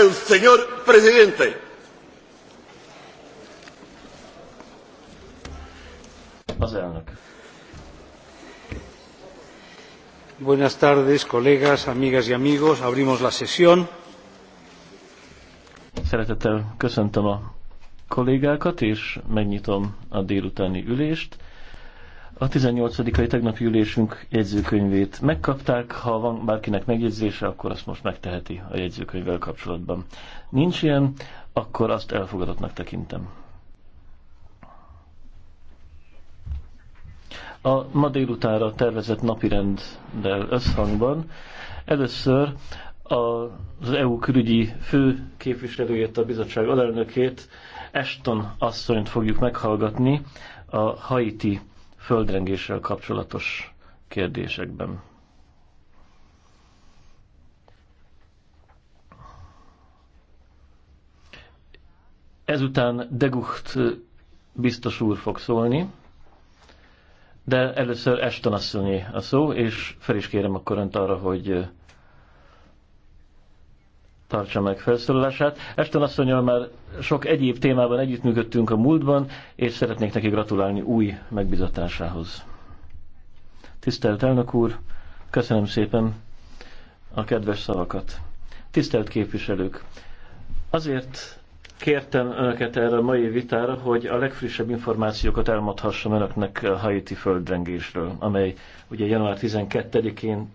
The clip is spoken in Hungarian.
el señor presidente. Az elnök. Buenas tardes, colegas, amigas y amigos. Abrimos la sesión. Szeretettel köszöntöm a kollégákat, és megnyitom a délutáni ülést a 18-ai tegnapi ülésünk jegyzőkönyvét megkapták. Ha van bárkinek megjegyzése, akkor azt most megteheti a jegyzőkönyvvel kapcsolatban. Nincs ilyen, akkor azt elfogadottnak tekintem. A ma délutára tervezett napirenddel összhangban először az EU külügyi fő képviselőjét, a bizottság alelnökét, Eston asszonyt fogjuk meghallgatni a Haiti földrengéssel kapcsolatos kérdésekben. Ezután Degucht biztos úr fog szólni, de először Eston asszonyi a szó, és fel is kérem akkor önt arra, hogy tartsa meg felszólalását. Esten asszonyal már sok egyéb témában együttműködtünk a múltban, és szeretnék neki gratulálni új megbizatásához. Tisztelt elnök úr, köszönöm szépen a kedves szavakat. Tisztelt képviselők, azért kértem Önöket erre a mai vitára, hogy a legfrissebb információkat elmondhassam Önöknek a Haiti földrengésről, amely ugye január 12-én